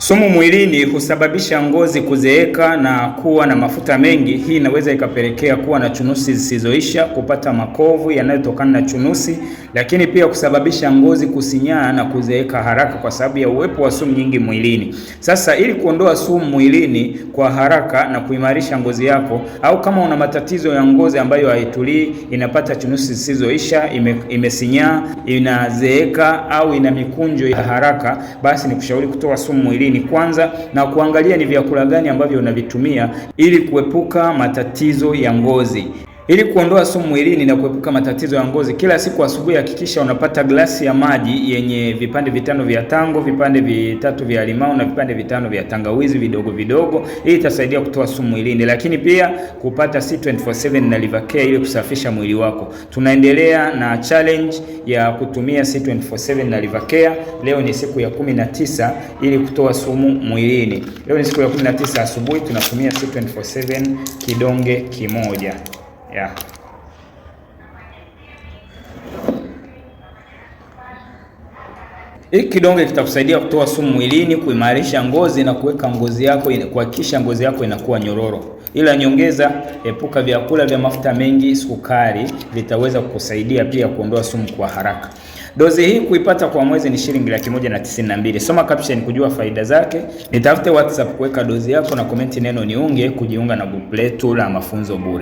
Sumu mwilini husababisha ngozi kuzeeka na kuwa na mafuta mengi. Hii inaweza ikapelekea kuwa na chunusi zisizoisha, kupata makovu yanayotokana na chunusi, lakini pia kusababisha ngozi kusinyaa na kuzeeka haraka kwa sababu ya uwepo wa sumu nyingi mwilini. Sasa ili kuondoa sumu mwilini kwa haraka na kuimarisha ngozi yako, au kama una matatizo ya ngozi ambayo haitulii, inapata chunusi zisizoisha, ime, imesinyaa, inazeeka au ina mikunjo ya haraka, basi kushauri kutoa sumu mwilini mwilini kwanza na kuangalia ni vyakula gani ambavyo unavitumia ili kuepuka matatizo ya ngozi. Ili kuondoa sumu mwilini na kuepuka matatizo ya ngozi, kila siku asubuhi hakikisha unapata glasi ya maji yenye vipande vitano vya tango, vipande vitatu vya limau na vipande vitano vya tangawizi vidogo vidogo. Hii itasaidia kutoa sumu mwilini, lakini pia kupata C247 na Liver Care ili kusafisha mwili wako. Tunaendelea na challenge ya kutumia C247 na Liver Care. Leo ni siku ya 19 ili kutoa sumu mwilini. Leo ni siku ya 19 asubuhi tunatumia C247 kidonge kimoja. Yeah. Hiki kidonge kitakusaidia kutoa sumu mwilini, kuimarisha ngozi na kuweka ngozi yako kuhakikisha ngozi yako inakuwa nyororo. Ila nyongeza, epuka vyakula vya mafuta mengi, sukari, vitaweza kukusaidia pia kuondoa sumu kwa haraka. Dozi hii kuipata kwa mwezi ni shilingi laki moja na tisini na mbili. Soma caption kujua faida zake. Nitafute WhatsApp kuweka dozi yako na komenti neno niunge kujiunga na grupu letu la mafunzo bure.